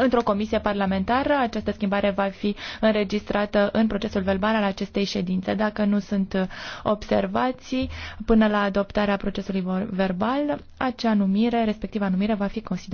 Într-o comisie parlamentară, această schimbare va fi înregistrată în procesul verbal al acestei ședințe. Dacă nu sunt observații, până la adoptarea procesului verbal, acea numire, respectiva numire, va fi considerată.